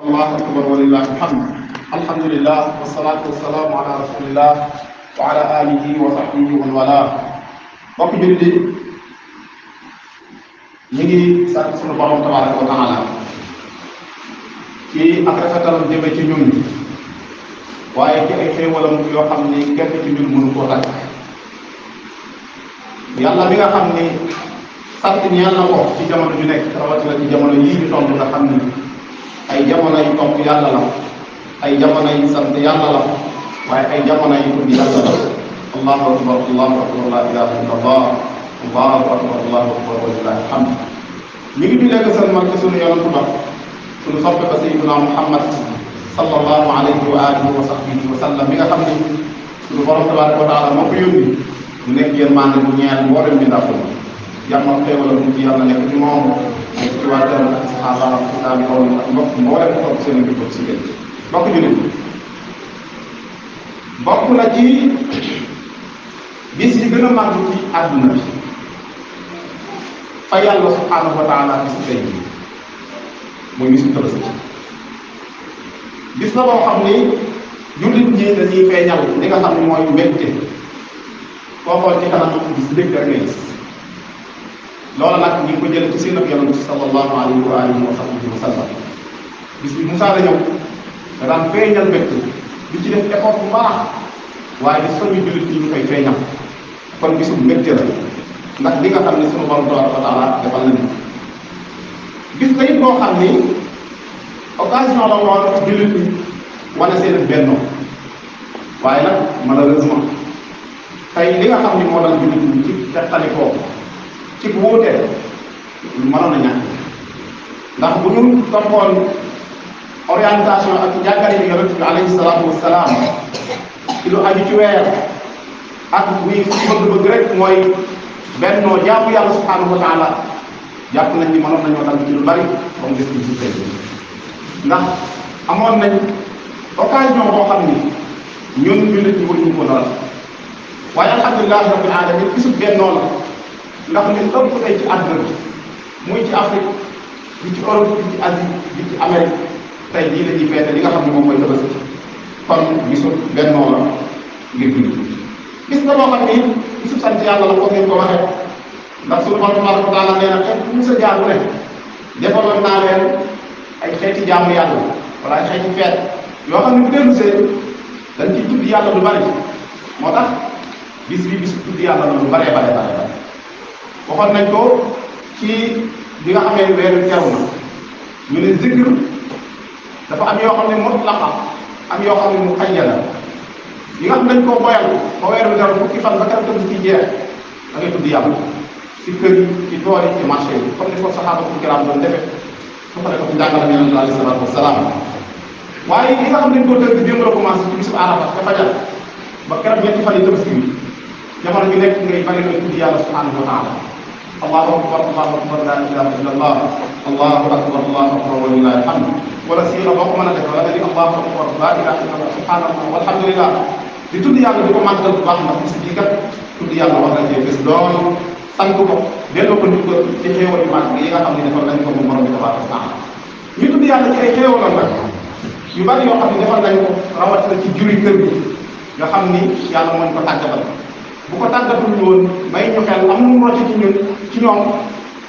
الله اكبر ولله الحمد الحمد لله والصلاه والسلام على رسول الله وعلى اله وصحبه ومن والاه بك جلدي نيغي سات سونو بروم تبارك وتعالى كي اترفتال ديبي تي نيوم waye ci ay xéewalam yoo xam ni kenn ci ñun mënu koo tàkk yàlla bi nga xam ni sant ñeel na ko ci jamono ju nekk rawatina ci jamono yii ñu tomb nga xam ay jamono yu topp yàlla la ay jamono yu sant yàlla la waaye ay jamono yu tudd yàlla la allahu akbar allahu akbar la ilaha illa allah allahu akbar allahu akbar walilahi alhamd ñu ngi jullee ko seen mag ci sunu yonantu ba sunu soppe ba sayyiduna muhammad sallallahu alayhi wa alihi wa sahbihi wa sallam mi nga xam ne sunu borom tabaraka wa taala moo ko yónni mu nekk yërmande bu ñeel mboolem bi ndax yàlla xéewal bu ci yàlla nekk ci moom nekk ci waa xaaxaar ak xitaab yi aw ak mbokk mboolem ko topp seen njaboot si géej bokk jullit bokk na ci bis yi gën a màgg ci àdduna bi fa yàlla subhaanahu wa taala bis tey jii muy bisu tabaski bis la boo xam ni jullit ñi dañuy feeñal li nga xam ne mooy mbégte koo xool ci kanam bis dëgg rek loola nag ñu ngi ko jël ci seen ak yonent sallallahu alayhi wa alihi wa sahbihi wa sallam bi Moussa la ñëw da feeñal mbégte di ci def effort bu baax waaye di soñu jullit ñi ñu koy feeñal kon bisu mbégte la ndax li nga xam ne sunu borom tabaraka wa taala defal nañu bis la it boo ni occasion la woon ci jullit ñi wane seen bennoo waaye nag malheureusement tey li nga xam ni moo dal jullit ñi ci teqali ci bu wote lu na ñak ndax bu ñu tampon orientation ak jàngale bi yonent bi alayhi salaatu wasalaam ci lu aju ci wéer ak muy bëgg-bëgg rek mooy benno jaamu yàlla ya subhanahu wa taala jàpp nañ ni mënoon nañoo dal ci lu bari eh, comme gis ci ci tey ndax amoon nañ occasion boo xam ni ñun ñu nit ñi waruñu ko dal waaye alhamdulilah rabbil alamin gisul bennoo la ndax ñun lépp tey ci àdduna bi muy ci Afrique bi ci Europe bi ci Asie bi ci Amérique tey lii la ñuy feete li nga xam ne moom mooy tabaski kon benn bennoo la ngir bind gis nga loo xam ne gisub sant yàlla la comme ni ko waxee ndax suñu borom tabaraka wa taala nee na xeet mu sa jaamu ne defaloon naa leen ay xeeti jaamu yàlla wala ay xeeti feet yoo xam ne bu dellu see dañ ciy tudd yàlla lu bari moo tax bis bi bis tudd yàlla lu baree bare bare bare waxoon nañ ko ci bi nga xamee weer wi na ñu ne zikr dafa am yoo xam mutlaqa am yoo xam ne yi nga xam dañ boyal ba weer wi fukki fan ba kara ci jeex da ngay tudd yàlla ci kër ci tool ci marché yi comme ni ko kiram doon defe su ko defee ko jàngalam yonente alayhi salaatu wasalaam nga ci arafa ba ñetti fan yi jamono ngay bari subhanahu wa taala allahu akbar allahu akbar laa ilaaha illa allah allahu akbar wa lillahi alhamd wala si la boo ko mën a def wala nga ni allah subhanallah walhamdulillah di tudd yàlla di ko màggal wa baax ndax bis bii kat tudd yàlla war na cee gis loolu sant ko delloo ko nit ko ci xéewal yu màgg yi nga xam ne defal nañ ko mu borom bi tabaraka taala ñu tudd yàlla ci ay xéewalam nag yu bari yoo xam ne defal nañ ko rawatina ci juri kër gi nga xam ni yàlla mooñ ko tàggatal bu ko tàggatuluñu woon may ñu xel am nu rocc ci ñun ci ñoom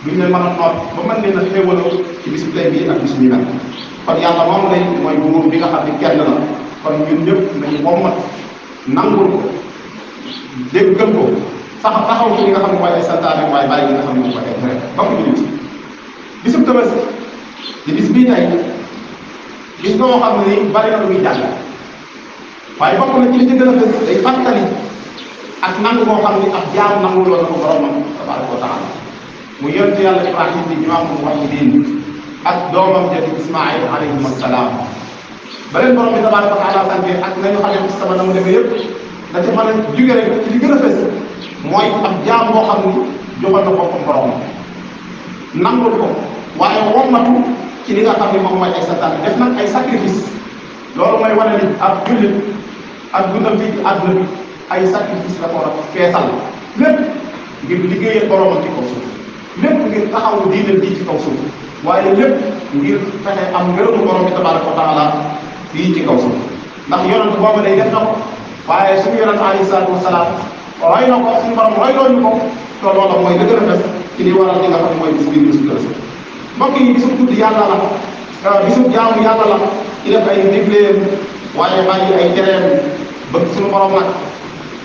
duñ leen mën a noot ba mën leen a xéewaloo ci bis bu tey bii ak bis bi mel kon yàlla moom lay mooy buur bi nga xam ne kenn la kon ñun ñëpp nañu wommat nangul ko déggal ko sax ci li nga xam ne mooy ay santaane waaye bàyyi li xam ne mooy ay tere ba mu jullit bisub Tabaski di bis bii tey bis boo xam ne nii bari na lu muy jàng waaye bokk na ci li ci gën a ak nangu koo xam ni ab jaam nangu loolu ko boromam tabaaraka wa taala mu yont yàlla Ibrahima di imaamul muwahhidiin ak doomam ja di Ismaayil alayhim assalaam ba leen borom wa taala sante ak nañu xale bi sama dama demee yëpp da ca mën a jóge a fës mooy ab jaam boo xam ni joxoon na boppam boromam nangul ko waaye wommatu ci li nga xam ni moom mooy ay santaane def nag ay sacrifice loolu mooy wane ni ab jullit ak dundam fii ci àdduna ay sacrifice la ko war a feesal lépp ngir liggéeyal ci kaw suuf lépp taxawu diinal ji ci kaw suuf waaye lépp ngir fexe am ngërëmu borom bi tabaraka wa taala fii ci kaw suuf ndax yonent boobu day def na ko waaye suñu yonent alayhi salaatu wasalaam roy na ko suñu borom roy looñu ko te loolu mooy la gën a des ci li waral li nga xam mooy bis bi bisu kër mbokk yi bisu tudd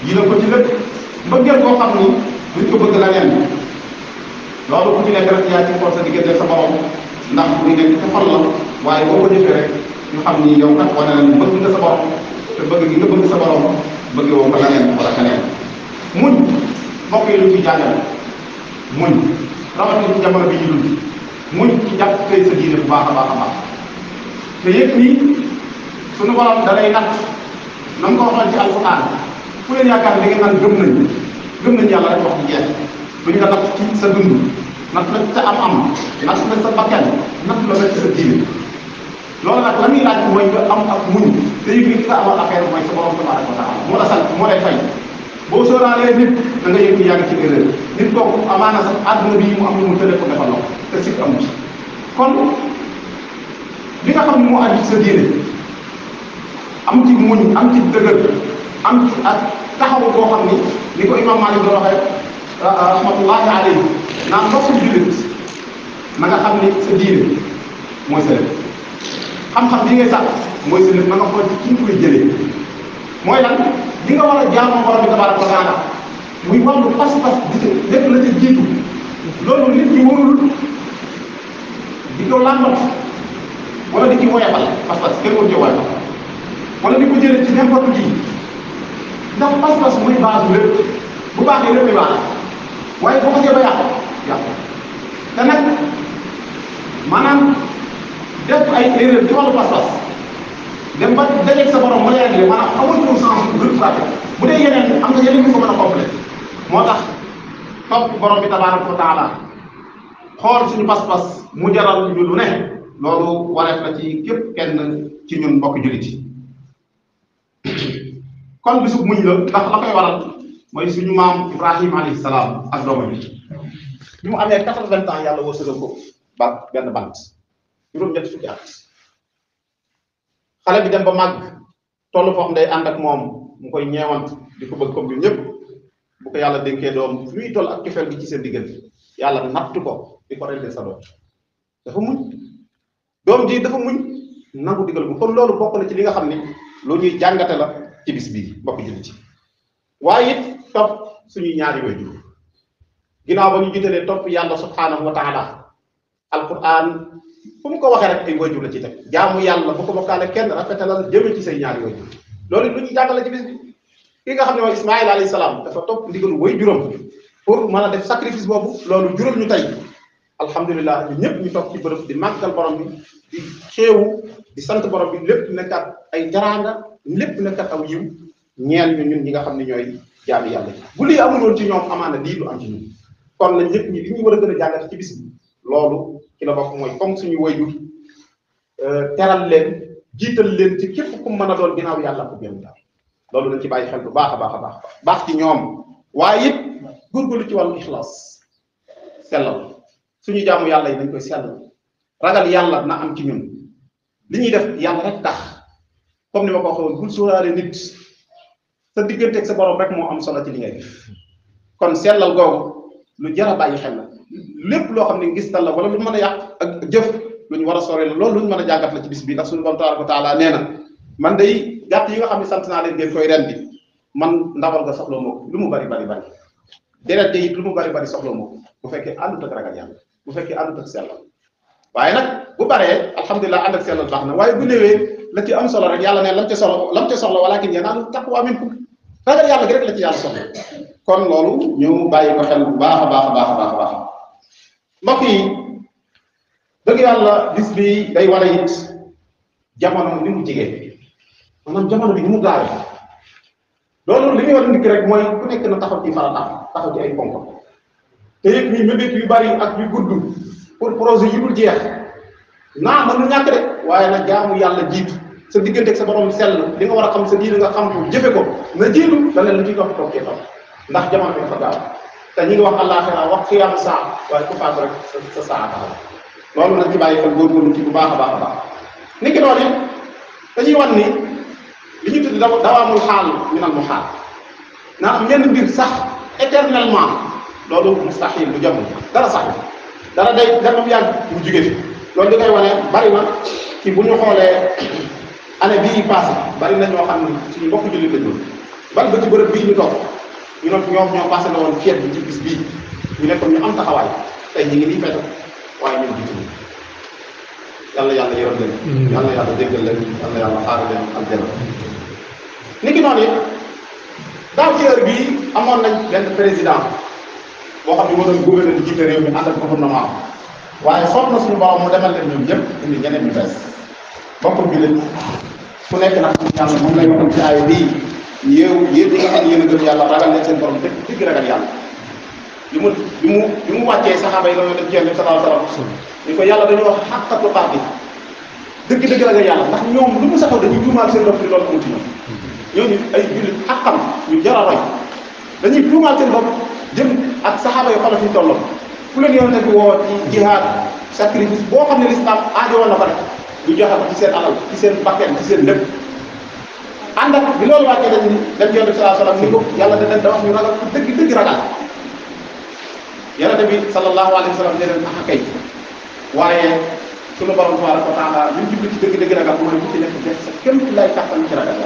yéene ko ci lépp mbëggeel koo xam ni duñ ko bëgg la neen loolu ku ci nekk rek yaa ci xool sa diggante sa borom ndax muy nekk sa xol la waaye boo ko jëfee rek ñu xam ni yow kat nga sa borom te bëgg gi nga bëgg sa borom bëgg woo ko la neen wala keneen yi lu ci jàngal ñu ci jàpp tey sa diine baax a baax a baax te yëpp nii suñu borom da lay natt na nga waxoon ci alquran ku leen yaakaar da ngeen naan gëm nañ gëm nañ yàlla rek wax di jeex duñ la natt ci sa dund natt la sa am-am natt la sa bakkan natt la rek sa diine loolu nag la muy laaj mooy nga am ak muñ te yëg ni ki sa amal affaire mooy sa borom tabaraka wa taala moo la sant moo lay fay boo sóoraalee nit da nga yëg ni yaa ngi ci erreur nit kooku amaana sax àdduna bii mu am lu mu tëddee ko defal loxo te sikk amu ci kon li nga xam ne moo aju sa diine am ci muñ am ci dëgër am ak taxawu xam ni ni ko imam Malik doon waxee rahmatullahi alayhi naan foofu jullit nga xam ni sa diine mooy sa xam-xam bi ngay sàkk mooy sa lépp nga xool ci ki nga koy jëlee mooy lan li nga war a jaamoo borom bi tabaraka wa taala muy wàllu pas-pas di lépp la jiitu loolu nit ñi warul di ko làmbat wala di ci woyabal pas-pas kenn waru ci woyabal wala di ko jëlee ci n'importe qui ndax pas-pas muy base lépp bu ni lépp baax waaye boo xasee ba yàq yàq te nag maanaam def ay erreur ci wàllu pas-pas dem ba dajeeg sa borom ba yàggee maanaam amul pour sens bu gën fàtte bu dee yeneen am na yeneen yu ko mën a complet moo tax topp borom bi tabaaraka wa taala xool suñu pas-pas mu jaral ñu lu ne loolu wareef la ci képp kenn kon bisu muñ la ndax la koy waral moy suñu mam ibrahim alayhi salam ak doom bi ñu amé 80 vingt ans yàlla wërsëgal ko ba ben bant juróom ñet fukki at xala bi dem ba mag tollu fo xam and ak mom mu koy ñeewant di ko bëgg ko bi ñëpp bu ko yalla denké doom fu toll ak kefel bi ci seen digël yalla nattu ko di ko rendee sa doom dafa muñ doom ji dafa muñ nangu digël bu kon lolu bokk na ci li nga xamni lu ñuy jàngate la ci bis bii mbokk jullit yi waaye it topp suñuy ñaari waajur ginnaaw ba ñu jiitalee topp yàlla subhaanahu wa taala alquran fu mu ko waxee rek ay waajur la ci teg jaamu yàlla bu ko bokkaale kenn rafetalal jëme ci say ñaari waajur loolu lu ñu jàngale ci bis bi ki nga xam ne mooy Ismaïl alayhi salaam dafa topp ndigalu waajuram pour mën a def sacrifice boobu loolu jural ñu tey alhamdulilah ñu ñëpp ñu toog ci bërëb di màggal borom bi di xéewu sant borom bi lépp nekkaat ay jaraanga lépp nag taxaw yiw ñeel ñu ñun ñi nga xam ne ñooy jaami yàlla bu lii amuloon ci ñoom amaana lii du am ci ñun kon nag ñëpp ñi li ñu war a gën a jàngat ci bis bi loolu ci la bokk comme suñu wayjur euh, teral leen jiital leen ci képp mën a doon ginnaaw yàlla ko gën daal loolu dañ ci bàyyi xel bu baax a baax a baax baax ci ñoom waaye it góorgóorlu ci wàllu ixlaas sellal suñu jaamu yàlla yi dañ koy sellal ragal yàlla na am ci ñun li ñuy def yàlla rek tax. comme ni ma ko waxee woon bul sóoraale nit sa digganteeg sa borom rek moo am solo ci li ngay def kon sellal googu lu jara a bàyyi xel la lépp loo xam ne tal la wala lu mën a yàq ak jëf lu ñu war a sore la loolu lu ñu mën a jàngat la ci bis bi ndax suñu borom tabaraka taala nee na man day gàtt yi nga xam ne sant naa leen ngeen koy rendi man ndawal ga soxla moo lu mu bari bari bari deret yi lu mu bari bari soxla moo bu fekkee àndut ak ragal yàlla bu fekkee àndut ak sellal waaye nag bu baree alhamdulilah ànd ak sellal baax na waaye bu néewee la ci am solo rek yàlla ne lam ci solo lam ci soxla walakin yanaalu taqwa minkum ragal yàlla gi rek la ci yàlla soxla kon loolu ñu bàyyi ko xel bu baax a baax a baax a baax a baax mbokk yi dëgg yàlla bis bi day war a it jamono li mu jege maanaam jamono bi ni mu gaawee li ñuy war a nit rek taxaw ci farataam taxaw ci ay pour projet yi jeex naa mën na ñàkk de waaye nag jaamu yàlla jiitu sa diggante ak sa borom sell li nga war a xam sa diine nga xam ko jëfe ko na jiitu da leen lu ciy topp toog cee topp ndax jamono bi dafa gaaw te ñi ngi wax àllaaxira wax xiyaamu saa waaye ku faatu rek sa sa saa loolu nag ci bàyyi xel góorgóorlu ci bu baax baax a baax ni ki doon it dañuy wan ni li ñu tudd dawaamul xaal ñu naan mu xaal naa am ñenn mbir sax éternellement loolu mustahil du jamono dara sax dara de dara mu yàgg mu jugee loolu li koy wane bari na ci bu ñu xoolee année bii passé bari na ñoo xam ne suñu bokk jullit lañu bari ba ci bërëb bii ñu toog ñu ne ñoom ñoo passé la woon fiet bi ci bis bii ñu nekkoon ñu am taxawaay tey ñu ngi nii fetal waaye ñun jiitu yàlla yàlla yërëm leen. Mm. yàlla yàlla déggal leen yàlla yàlla xaaral leen am noonu it ci heure bii amoon nañ benn président. boo xam ne moo doon gouverneur di jiite réew mi ànd ak gouvernement waaye soog na suñu borom mu demal leen ñoom ñëpp indi ñeneen ñu bees bokkul bi leen ku nekk nag yàlla moom lay waxoon ci ay bii yéew yéen ñi nga xam ne yéen a gëm yàlla ragal leen seen borom dëgg dëgg yàlla bi mu mu mu wàccee saxaaba yi dañoo def jël sallallahu alayhi wa sallam yàlla dañu wax xàqatu baax bi dëgg dëgg ragal yàlla ndax ñoom lu mu saxaw dañuy tuumaal seen bopp di loolu continué ñooñu ay jullit xaqam ñu jar a roy dañuy tuumaal seen bopp jëm ak saxaaba yu xoolal fi tolloon fu leen yonente bi woo ci jihaad sacrifice boo xam ne lislaam aajowoon na ko rek du joxe ko ci seen alal ci seen bakkan ci seen lépp ànd bi loolu wàccee dañ dañ yonente bi yàlla da leen da wax ñu ragal bi sallallahu alayhi wa sallam ne leen ax kay waaye sunu borom tabaraka wa taala ñu jublu ci dëgg dëgg ragal mooy bu ci nekk def sa kéem lay kàttan ci ragal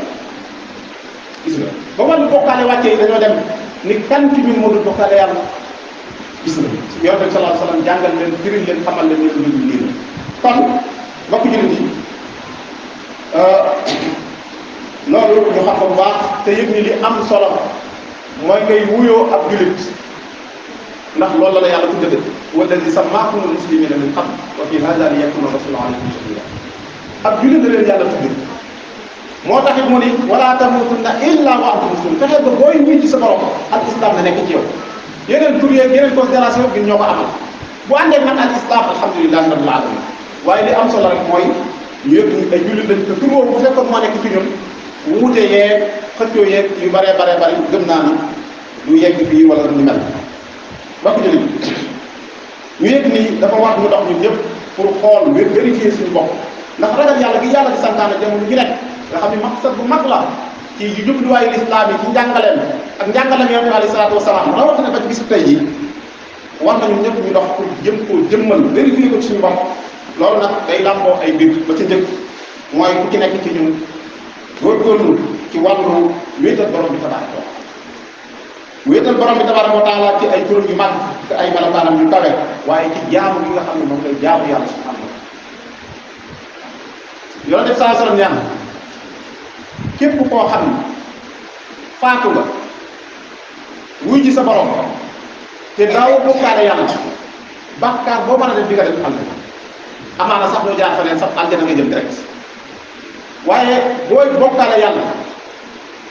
gis nga ba wàllu bokkaale wàccee yi dañoo dem ni kan ci ñun moo dul bokkale yàlla gis nga yonent bi sallallahu alayhi wa sallam jàngal leen firil leen xamal leen ne lu ñu lii la kon mbokk jullit yi euh, loolu ñu xam ko bu baax te yëg ni li am solo mooy ngay wuyoo ab jullit ndax loolu la la yàlla tudde walladi sammaakumul muslimina min qabl wa fi haada liyakuna rasulu alaykum shahida ab jullit la leen yàlla tudde moo taxit mu ni wala tamutunna illa wa antum muslimun fexe ba booy ñii ci sa borom al islam la nekk ci yow yeneen tur yeeg yeneen considération ñoo ko amal bu àndee man al islam alhamdulilah rabbil alamin am solo rek mooy ñëpp ñu ay jullit lañ te tur boobu bu fekkoon moo nekk yu baree baree bari gëm naa ni lu yegg fii wala lu ñu mel ba ko jëlee ñu yegg nii dafa war ñu dox ñun ñëpp pour xool vérifier suñu bopp ndax ragal yàlla gi yàlla di santaane jamono ji nekk nga xam ne maqsad bu mag la ci jubluwaayu lislaam yi ci njàngaleem ak njàngaleem yonent bi aleyhi salaatu wa salaam rawatina ba ci ji war nañu ñëpp ñu dox pour jëm koo jëmmal vérifier ko suñu bopp loolu nag day làmboo ay mbir ba ca njëkk mooy ku ci nekk ci góor góorgóorlu ci wàllu wéetal borom bi tabaaraka wéetal borom bi tabaaraka wa taala ci ay turam yu mag te ay melokaanam yu kawe waaye ci jaamu yi nga xam ne moom lay jaamu yàlla subhaanahu yonent bi saa sallam képp koo xam ne faatu wuy ji sa borom te daaw bokkaale yàlla bàkkaar boo mën a def di nga def ànd amaana sax doo jaar feneen sax aljana nga jëm direct waaye boo bokkaale yàlla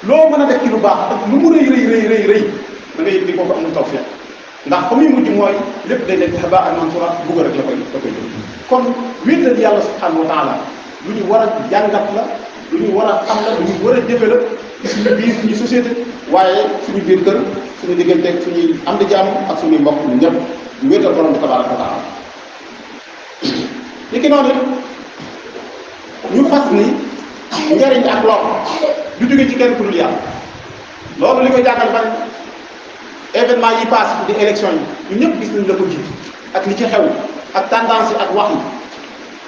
loo mën a def ci lu baax ak lu mu rëy rëy rëy rëy rëy da ngay di kooku amul tawfiq mujj mooy lépp day nekk xabaar mansuura bugg rek la koy la koy jël kon wéetal yàlla subhanahu wa lu ñu war a jàngat la lu ñu war a xam la lu ñu war a jëfe la suñu biir suñu société waaye suñu biir kër suñu diggante ak suñuy am di jàmm ak suñuy mbokk ñu ñëpp ñu wéetal borom bi tabaraka wa taala li ki noonu ñu fas ni njariñ ak lor du jóge ci kenn ku yàlla loolu li ko jàngal bari événement yi passe di élection yi ñu ñëpp gis nañ la ko ji ak li ci xew ak tendance ak wax yi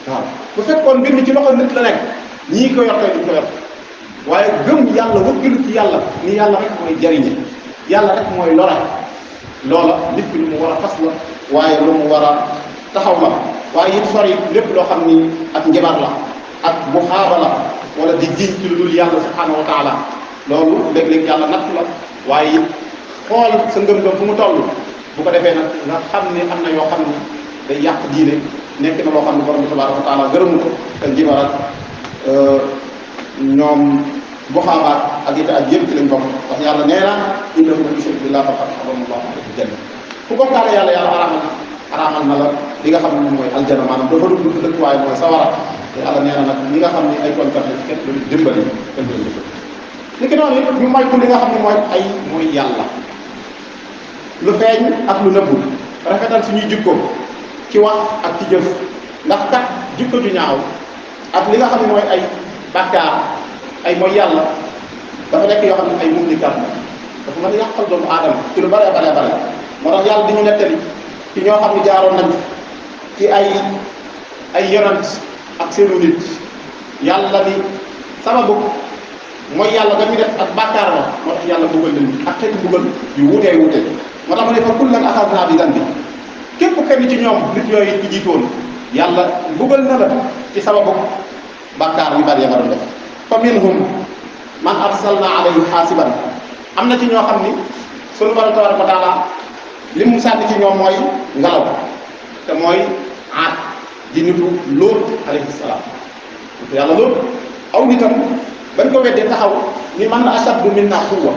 waaw bu fekkoon mbir mi ci loxo nit la nekk ñii ko yor tey duñ ko yor waaye gëm yàlla wëkkilu ci yàlla ni yàlla rek mooy jariñe yàlla rek mooy lora loola nit lu mu war a fas la waaye taxaw la waaye it lépp loo xam ni ak njabar la ak buxaaba la wala di jiñ ci lu dul yàlla subhaanahu wa taala loolu léeg-léeg yàlla natt la waaye it xool sa ngëm-ngëm fu mu toll bu ko defee nag nga xam ne am na yoo xam ni day yàq diine nekk na loo xam ne borom bi tabaraka wa gërëmu ko te njibaraat Euh, ñoom buxaabaat ak ak yëpp ci lañ bokk ndax yàlla nee na ku yàlla yàlla araamal araamal na la li nga xam ne mooy aljana maanaam dafa dugg dëkkuwaay ñi nga xam ne ay kontaan la ci kenn li ki xam ne mooy ay mooy yàlla lu feeñ ak lu nëbbu rafetal suñuy jikko ci wax ak ci jëf ndax kat jikko ju ñaaw ak li nga xam ne mooy ay bàkkaar ay mooy yàlla dafa nekk yoo xam ne ay multikat ma dafa mën a yàqal doomu aadama ci lu bare bare bare moo tax yàlla di ñu nettali ci ñoo xam ne jaaroon ci ay ay ak seenu nit yàlla ni sababu mooy yàlla def ak bàkkaar la yàlla bëggal leen ak xeetu bëggal yu wuutee wuute moo tax ma ne fa kullan axas ci ñoom nit yooyu ci jiitoon yalla bugal na la ci bok bakkar yu bari ya nga def fa minhum man arsalna alayhi hasiban amna ci ño xamni sunu baraka tabaraka wa taala limu mu ci ñom moy ngalaw te moy at di nitu lóot alayhi salaam yalla lóot aw nitam bañ ko wedde taxaw ni man na minna quwwa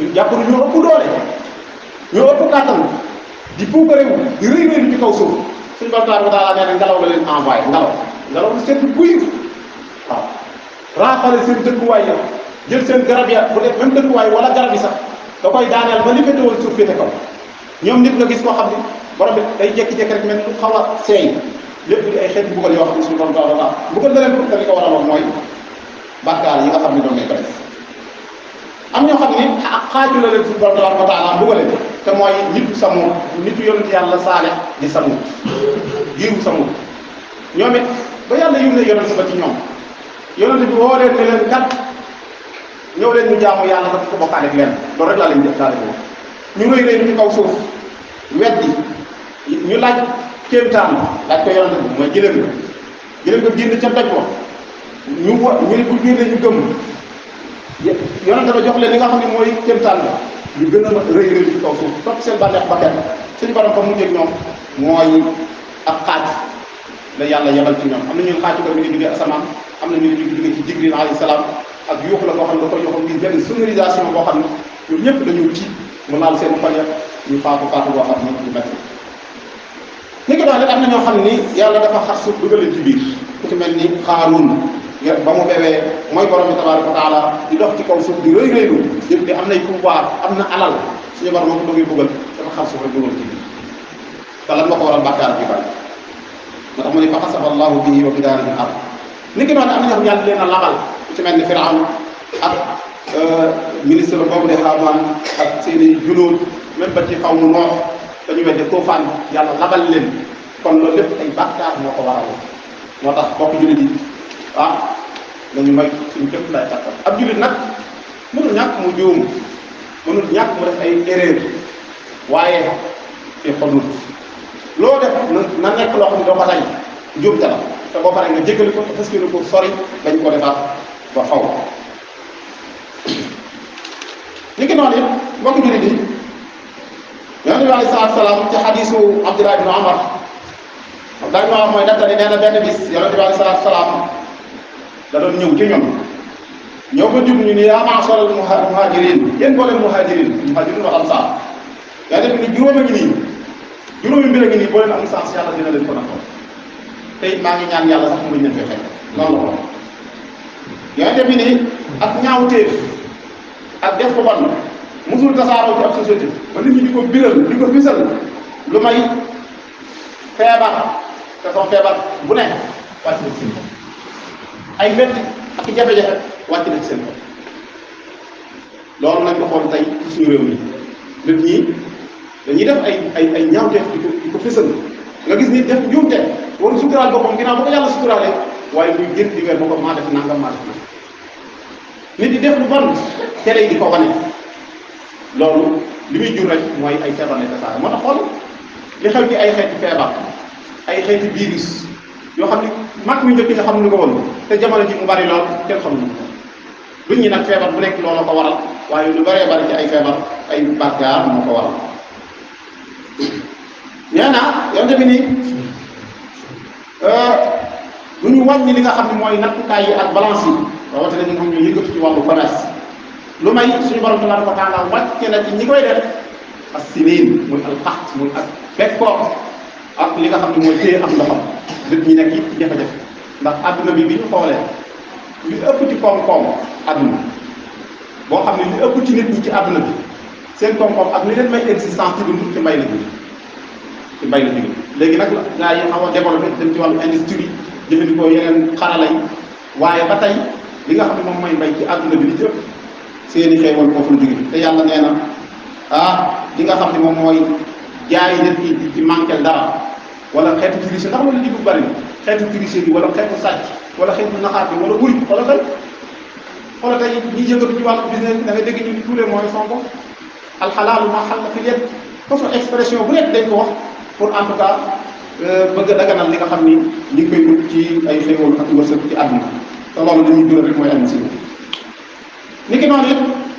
ñu jappu ñu ëpp doole ñu ëpp katam di puukarewu di rëy ci kaw suuf suñu borom tabaaraka wa taala nee na ngelaw la leen envoyé ngelaw ngelaw lu sedd buy waaw raaxale seen dëkkuwaay ya jël seen garab ya bu nekk même dëkkuwaay wala garab yi sax da koy daaneel ba li féete woon suuf féete ñoom nit nga gis koo xam ne borom bi day jékki-jékki rek mel lu xaw a seey lépp di ay xeetu mbugal yoo xam ne suñu borom tabaaraka wa taala mbugal na leen li ko war a wax mooy bàkkaar yi nga xam ne doon am ñoo xam ni xaaju la leen suñu borom tabaraka wa taala mbugale te mooy nitu samut nitu yonent yàlla saalex di samut yiwu samut ñoom it ba yàlla yiw na yonent ba ci ñoom yonent bi woo leen ne kat ñëw leen ñu jaamu yàlla daf ko bokkaale ak leen loolu rek laa leen def daal di ñu rëy leen ci kaw suuf weddi ñu laaj kéemtaan laaj ko yonent bi mooy jëlem bi jëlem ko génn ca doj wa ñu wa ñu ne bu ñu ñu gëm yonente ba jox leen li nga xam ne mooy kéemtaan la ñu gën a rëy rëy ci kaw suuf topp seen bànneex bakkan suñu borom fa mu mujjee ak ñoom mooy ak xaaj la yàlla yebal ci ñoom am na ñun xaaj ko am na ñu ngi jógee ci Jibril alayhi salaam ak yuux la boo xam ne da koy yoxam ngir benn boo xam ne ñun ñëpp dañoo tiit mu laal seen xol ñu faatu faatu boo xam ne du metti ni na ñoo xam ni yàlla dafa xar suuf dugal ci biir ku ci mel ni xaaruun ba mu bewee mooy borom bi tabaaraka wa taala di dox ci kaw suuf di rëy rëylu yëpp di am nay pouvoir am na alal suñu borom moo ko bëggee bëggal dafa xam suuf rek dugal ci biir te lan moo bi bari moo tax mu ne fa xasaba allahu bihi wa leen a labal ci mel ni Firawn ak euh, ministre boobu de Haamaan ak seen i junóot même ba ci xaw mu dañu wedde Toofaan yàlla labal leen kon loolu lépp ay bàkkaar moo ko moo tax bokk jullit yi ah nañu may suñu képp laay tàttal ab jullit nag mënul ñàkk mu juum mënul ñàkk mu def ay erreur waaye fi xonut loo def na nekk loo xam ne doo ko tay juum dara te boo paree nga jégalu ko te fas ko sori dañ ko defaat ba faw li ngi noonu it mbokk jullit yi yonent bi alayhi salaatu salaam ci xadiisu Abdullah ibn Umar Abdullah ibn Umar mooy nettali nee na benn bis yonent bi alayhi salaam da doon ñëw ci ñoom ñoo ko jub ñu ni yaa ma'sharal muhaajiriin yéen boole muhaajiriin muhaajiriin wal ansaar yaa def ni juróom a ngi nii juróomi mbir a ngi nii boo leen am chance yàlla dina leen ko nangoo te it maa ngi ñaan yàlla sax mu leen koy fekk loolu la yaa def ni ak ñaawteef ak def ko ban musul tasaaroo ci ab société ba nit ñi di ko biral di ko fisal lu may feebar te son feebar bu nekk wàcc na ay métti ak jafe-jafe wàcc na ci seen bopp loolu lañ ko xool tey ci suñu réew mi nit ñi dañuy def ay ay ay ñaawteef di ko di nga gis ni def njuumte war suturaal boppam ginnaaw ba ko yàlla suturaalee waaye muy gën di weer ba nit di def lu bon tere yi di ko wane loolu li muy jur rek mooy ay feebar lay tasaare moo tax xool li xew ci ay xeeti feebar ay xeeti virus yoo xam ne mag ñu njëkk ñu xam ñu ko woon te jamono ji mu bari lool kenn xam ñu ko lu ñu nag feebar bu nekk loolu ko waral waaye lu bëree bari ci ay feebar ay bàkkaar moo ko waral nee na yonte bi nii euh, du ñu li nga xam ne mooy ak balance yi rawatina ñu ñu yëngatu ci wàllu commerce lu may suñu borom tabaaraka wa taala wàcce na ci ñi koy def as sinin muy al qaxt muy ak bekkoor ak li nga xam ne mooy téye am ndoxam nit ñi nekk ci jafe ndax adduna bi bi ñu ëpp ci koom-koom adduna boo xam ëpp ci nit ñi ci adduna seen koom-koom ak li leen may existence ci dund ci mbay la jóge ci mbay la léegi nag la gaa yi xaw a développé dem ci wàllu industrie jëfandikoo yeneen xarala yi waaye ba tey li nga xam moom mooy mbay ci adduna bi li seeni xeewal foofu la jóge te nee na ah li nga xam ne moom mooy جاي دي دي مانكل دا ولا خيت كريسي ندخ لو ليغو بارين خيت كريسي ولا خيت ساج ولا خيت نخاتي ولا بوري ولا دال ولا تاي ني جيغو تي والو بيزنس دا فاي ديغ ني تولي موي سونغو الحلال ما حل في اليد فصو اكسبريسيون بريت دنج كو واخ pour en tout cas euh, bëgg da ganal li nga xamni li koy dugg ci ay xewol ak wërsëk ci aduna te loolu dañuy dëgg rek moy am ci niki non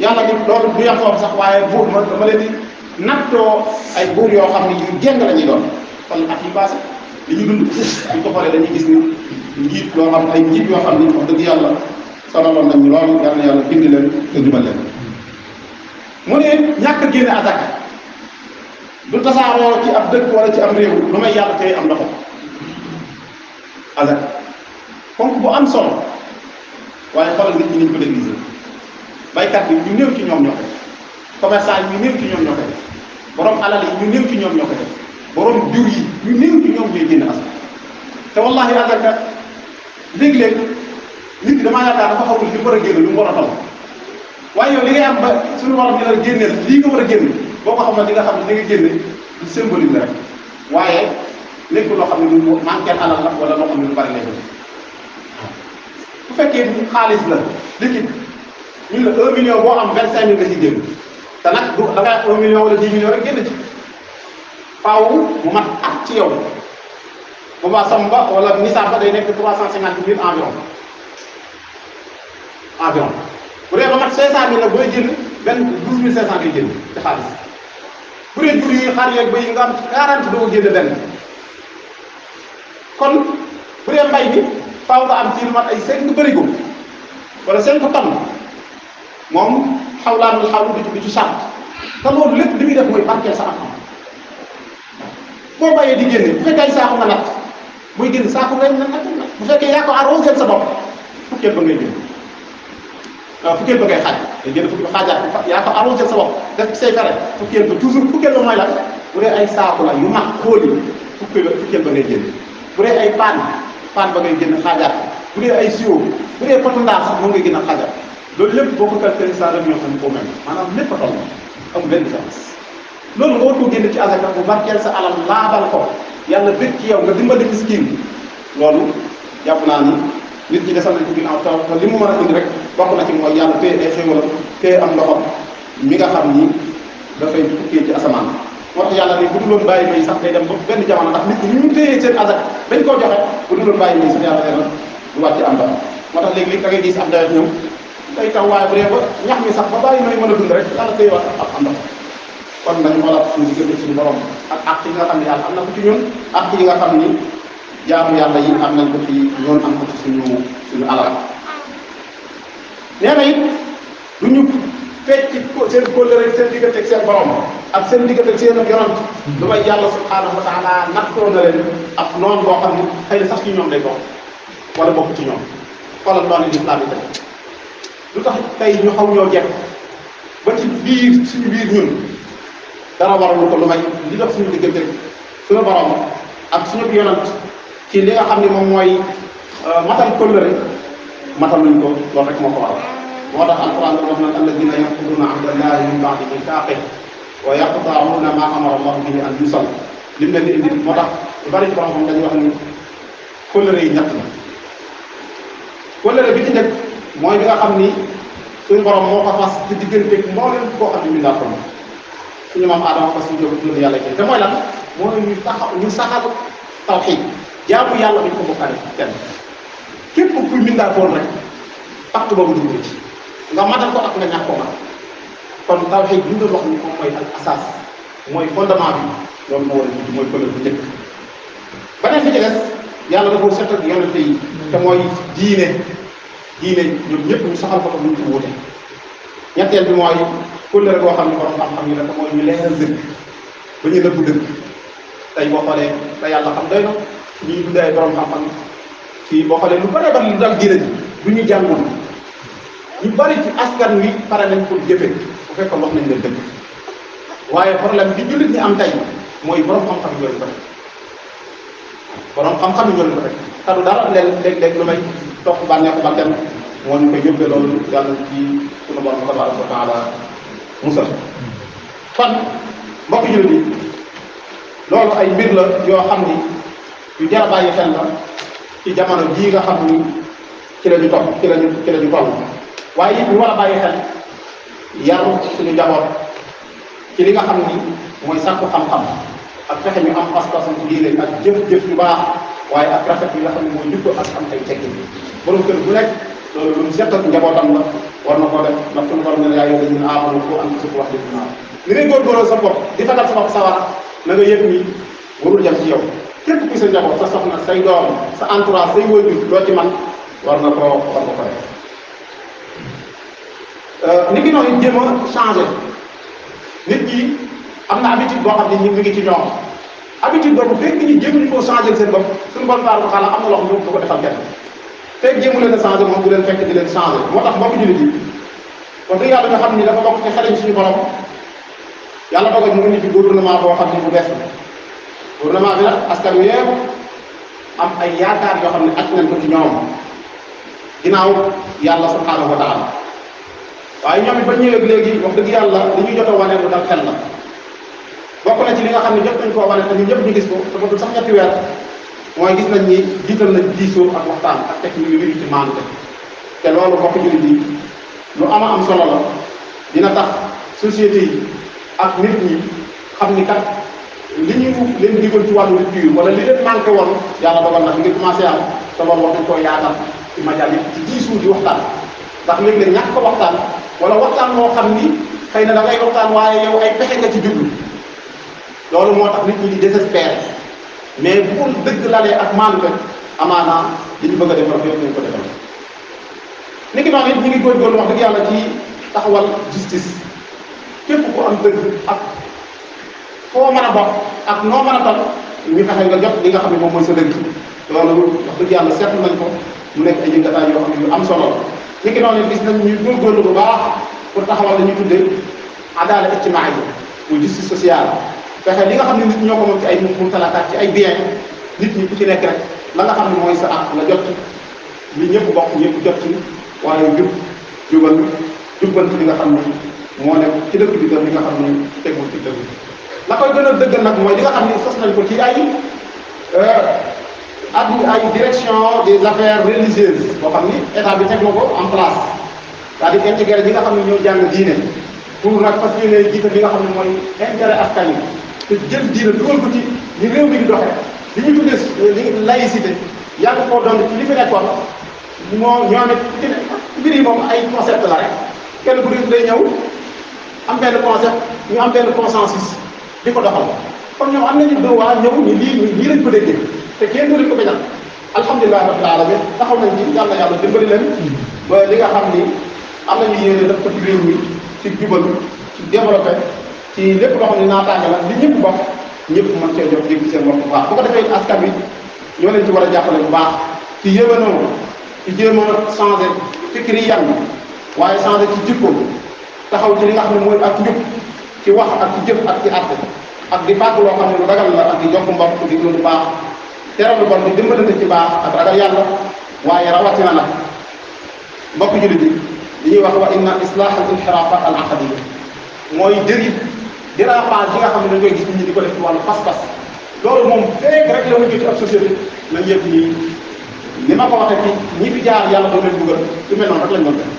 yalla ni loolu du yaxoom sax waye nattoo ay buur yoo xam ne yu jeng la ñuy doon kon at yi passé li ñu dund buñ ko xoolee dañuy gis ni njiit loo xam ay njiit yoo xam ne wax dëgg yàlla sonaloon nañ ñu loolu yàlla yàlla bind leen te jubal leen mu ne ñàkk a génne attaque du tasaaroo ci ab dëkk wala ci am réew lu may yàlla tey am dafa azak kon bu am solo waaye xoolal nit ñi niñ ko déglisé baykat bi ñu néew ci ñoom ñoo koy commerçant yi ñu néew ci ñoom ñoo koy borom alal yi ñu néew ci ñoom ñoo ko def borom jur yi ñu néew ci ñoom ñooy génn asaka te wallahi asaka léeg-léeg nit ki damaa yaakaar dafa xamul li mu war a génn lu mu war a waaye yow li ngay am ba suñu borom di la génneel lii nga war a génn boo ko xamoon di nga xam ne li nga génne du symbolique la rek waaye lépp loo xam ne lu manqué alal la wala loo xam lu bari lay bu fekkee xaalis la liquide ñu la 1 million boo am 25 mille nga ci génn. te nag du da ngaa un million wala dix million rek génn ci faaw mu mat at ci yow bu baa sam ba wala nisaab ba day nekk trois cent cinquante mille environ environ bu dee ba mat cinq cent mille nag booy jënd benn douze ci xaalis bu dee jur yi xar yeeg bay nga am quarante doo jënd benn kon bu dee mbay bi faaw nga am ci lu mat ay cinq bërigo wala cinq tonnes moom xawlaanul xawlu bi ci bi ci sàmm te loolu lépp li muy def mooy barkeel sa am-am boo bàyyee di génne bu fekkee ay saako nga natt muy génn saako nga natt na bu fekkee yaa ko arrosé sa bopp fukkeel ba ngay génn waaw fukkeel ba ngay xaaj day génn fukki ba xaajaat yaa ko arrosé sa bopp def say fere fukkeel ba toujours fukkeel ba mooy lan bu dee ay saako la yu mag xool yi fukkeel ba fukkeel ba ngay génn bu dee ay paan paan ba ngay génn xaajaat bu dee ay siwo bu dee potu ndaas moom ngay génn xaajaat loolu lépp boo ko calculé saa dem yoo xam ne au même maanaam lépp a toll amul benn différence loolu nga war koo génne ci asaka bu barkeel sa alal laabal ko yàlla ci yow nga dimbali miskin loolu jàpp naa ni nit ñi desal nañ ko ginnaaw taw li mu mën a rek bokk na ci mooy yàlla téye ay xéwalam téye am loxo mi nga xam ni dafay tukkee ci asamaan moo tax yàlla ne bu duloon bàyyi sax day dem ba benn jamono ndax nit ñi ñu téyee dañ koo joxe bu duloon bàyyi may sax yàlla am loxo moo tax léegi li ka ngay gis am nawet ñëw day taw waaye bu dee ba ñax mi sax ba bàyyi may mën a dund rek yàlla koy ak na kon nañu xoolaat suñu diggante suñu ko ci ñun àq yi xam ni jaamu yàlla yi am nañ ko ci ñoon am ko ci suñu suñu alal nee na it du ñu seen kóllëre seen diggante ak seen borom ak seen ak seen yonent lu may yàlla subhaanahu wa taala nattoo na leen ak noonu boo xam ne xëy na sax ci ñoom lay bokk wala bokk ci ñoom xoolal doon lislaam yi tamit lu tax tey ñu xaw ñoo jekk ba ci biir suñu biir ñun dara waralu ko lu may li dox suñu diggante suñu borom ak suñu yonant ci li nga xam ne moom mooy matal kóllëre matal luñ ko loolu rek moo ko waral moo tax alquran wax na alladina yaquduna ahdallahi min baadi mitaqih wa yaqtauna ma amara allah bihi an yusal lim leen di indi moo tax lu bari ci borom xam dañuy wax ni kóllëre yi ñett la kóllëre bi ci nekk mooy bi nga xam ni suñu borom moo ko fas ci digganteeg mboolem koo xam ne bi daal suñu maam Adama fas ñu jóg yàlla ci te mooy lan mooy ñu yàlla dañ ko bokkaale kenn képp kuy mindaakoon rek pacte boobu dugg ci nga matal ko ak nga ñàkk ko kon tawxiid bi ñu wax ni mooy al asas mooy fondement moo war a jiitu mooy pëlël bu njëkk beneen bi ci des yàlla dafa setal yonente yi te mooy diine diine ñoom ñëpp ñu saxal ko ko buñ ci wuute ñetteel bi mooy kullëre boo xam ne borom xam-xam yi la ko mooy ñu leeral dëgg ba ñu nëbb dëgg tey boo xoolee la yàlla xam doy na ñuy dundee borom xam-xam fii boo xoolee lu bare bari lu dal diine ji du ñu jàngoon ñu bari ci askan wi pare nañ pour jëfe bu fekkoon wax nañ leen dëgg waaye problème bi jullit ñi am tey mooy borom xam-xam yi ñoo borom xam-xam yi ñoo leen du dara léeg-léeg lu may topp bànneexu bakkan moo ñu koy yóbbee loolu yàlla ci sunu borom tabaraka wa taala musal kon mbokk jullit yi loolu ay mbir la yoo xam ni yu jar a bàyyi xel la ci jamono jii nga xam ni ci la ñu topp ci la ñu ci la ñu toll waaye it ñu war a bàyyi xel yaru suñu njaboot ci li nga xam ni mooy sàkku xam-xam ak fexe ñu am pas-pasam ci diine ak jëf-jëf yu baax waaye ak rafet bi nga xam ne moo juddoo ak am ay tekki borom kër bu nekk loolu lu mu njabootam la war na def ndax yaa ko wax naa ni ngay sa bopp di fatal sa bopp sawara na nga yëg ni warul jam ci yow képp kuy sa njaboot sa soxna say doom sa entourage say wëjur doo ci man war nga koo war nga ko def ni ngi noonu jéem a changé nit ñi am na habitude boo xam ne ñu ngi ci ñoom habitude boobu fekk ñu jéem ñu koo changé seen bopp suñu bon taal ko xanaa am na loo xam ne bu ko defal kenn fekk jéemu leen a changé moom bu leen fekk di leen changé moo tax mbokk jullit yi kon dëgg yàlla nga xam ni dafa bokk ci xale suñu borom yàlla dogal mu ngi ci gouvernement boo xam ni bu bees la gouvernement bi nag askan wi yëpp am ay yaakaar yoo xam ne ak nañ ko ci ñoom ginnaaw yàlla subhanahu wa taala waaye ñoom it ba ñëwee léegi wax dëgg yàlla dañuy ñu jot a wane lu dal xel la bokk na ci li nga xam ne jot nañ koo wane ko te matul sax ñetti gis nañ ni jiital nañ diisoo ak waxtaan ak technique yu te loolu bokk jullit lu ama am solo la dina tax société yi xam ni kat li ñu leen digal ci wàllu rupture wala li woon yàlla dogal na ngir commencé am te loolu wax nañ koo yaatal waxtaan ndax léegi nag ñàkk ko waxtaan wala waxtaan moo xam ni xëy na da ngay waxtaan waaye yow ay pexe nga ci jublu loolu moo tax nit ñi di désespéré mais bu ko dëgg lalee ak maandu rek amaana li ñu bëgg a defal yëpp nañ ko defal ni ki noonu it ñu ngi góorgóorlu wax dëgg yàlla ci taxawal justice képp ku am dëgg ak foo mën a bokk ak noo man a toll ñu fexe nga jot li nga xam ne moom mooy sa dëgg loolu wax dëgg yàlla seetlu nañ ko mu nekk ay yëngataay yoo xam yu am solo la ni ki noonu gis nañ ñuy góorgóorlu bu baax pour taxawal la ñuy tuddee adaala ijtimaaiya muy justice sociale fexe li nga xam ne nit ñoo ko moom ci ay mum mum talaataat ci ay bien nit ñi ku ci nekk rek la nga xam ne mooy sa àq la jot ci li ñëpp bokk ñëpp jot ci waaye jub jubal jubbanti li nga xam ne moo ci dëkk bi def li nga xam ne tegul ci dëkk nag mooy li nga xam ne sos nañ ko ci ay euh, ak ay direction des affaires religieuses boo xam ni état bi teg na ko en place c'est-à-dire nga xam ne ñoo jàng diine pour nag fas yéene jiite li nga xam ne mooy intérêt askan wi te jël diina dugal ko ci ni réew mi di doxee li ñu tuddee laïcité yàgg koo doon ci li fi nekkoon moo ñoom it mbir yi moom ay concept la rek kenn ku nekk day ñëw am benn concept ñu am benn consensus di ko doxal kon ñoom am nañu droit ñëw ni lii nii lañ ko déggee te kenn du ko bañal alhamdulilah rabbil alamin taxaw nañ ci yàlla yàlla dimbali leen ba li nga xam ni am nañu yéene def ko ci réew mi ci jubal ci développé. ci lépp loo xam ne naataange la li ñëpp bokk ñëpp mën cee jox dégg seen bopp bu baax bu ko defee askan bi ñoo leen ci war a jàppale bu baax ci yéwénoo ci jéem a changé fikir yi yàgg waaye ci taxaw ci li nga xam ne mooy ci wax ak ci jëf ak ci àtte ak di fàgg loo xam ne lu ragal la ak di jox mbokk di lu baax teral lu bon di dimbalante ci baax ak ragal yàlla waaye rawatina la mbokk jullit yi li ñuy wax wa inna islaaha al inxiraafa mooy jëriñ dérapage yi nga xam ne dañ koy gis nit ñi di ko def ci wàllu pas-pas loolu moom feek rek la mujj ci ab société la yëpp nii ni ma ko waxee ci ñi fi jaar yàlla doo leen dugal yu mel noonu rek lañ doon def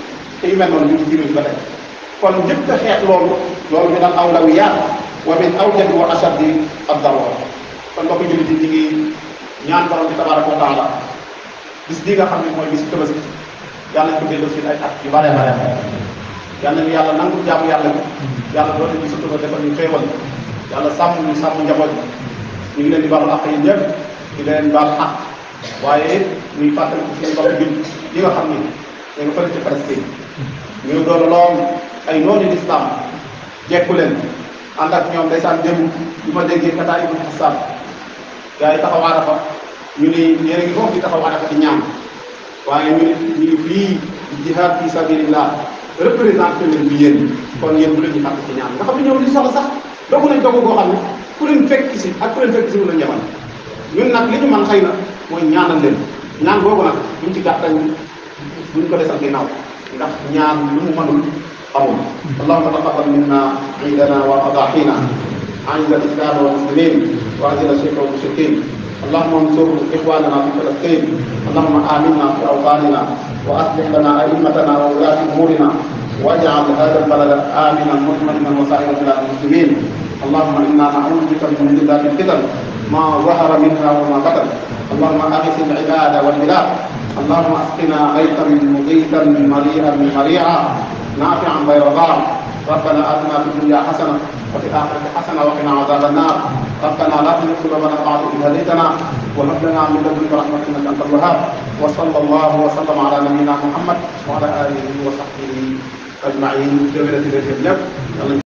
te yu mel noonu ñu ngi jiitu ba tey kon njëkk a xeex loolu loolu ñu daan awlawiyaat wa min awjadi wa ashaddi ad-daruura kon mbokk jullit yi ñu ngi ñaan borom bi tabaaraka wa taala bis bii nga xam ne mooy bis Tabaski yàlla ñu ko delloo si ay at yu bare bare yal nañu yàlla nangu jaamu yàlla gi yàlla doole ñu sutura defal ñu xéewal yàlla sàmm ñu sàmm njaboot ñu ngi leen di baalu àq yi ñëpp di leen baal àq waaye ñuy fàttali ko seen bopp jub li nga xam ni da nga fële ci Palestine ñu doon lool ay noonu lislaam jekku leen ànd ak ñoom ndeysaan jëm bi ma déggee ibn Hassan gars yi taxaw ñu ni yéen a ngi di taxaw arafa di ñaan waaye ñu ni ñu ni fi sabilillah représenté leen bi yéen kon yéen bu leen ñu fàtte ci ñaan nga xam ne ñoom li soxla sax dogu nañ dogu boo xam ne ku leen fekk si ak ku leen fekk si mën a njaban ñun nag li ñu man xëy na a ñaanal leen ñaan boobu nag buñ ci gàttañ i ko desal ginnaaw ndax ñaan lu mu mënul amul allahumma taqabbal minna iidana wa adahina عند الإسلام والمسلمين وعند الشرك والمشركين اللهم انصر اخواننا في فلسطين اللهم امنا في اوطاننا واصلح لنا ائمتنا وولاه امورنا واجعل هذا البلد امنا مطمئنا وسائر بلاد المسلمين اللهم انا نعوذ بك من ذات الفتن ما ظهر منها وما بطن اللهم اغث العباد والبلاد اللهم اسقنا غيثا مغيثا مريئا مريعا نافعا غير ضار ربنا آتنا في الدنيا حسنة وفي الآخرة حسنة وقنا عذاب النار ربنا لا تزغ قلوبنا بعد إذ هديتنا وهب لنا من لدنك رحمة إنك أنت الوهاب وصلى الله وسلم على نبينا محمد وعلى آله وصحبه أجمعين.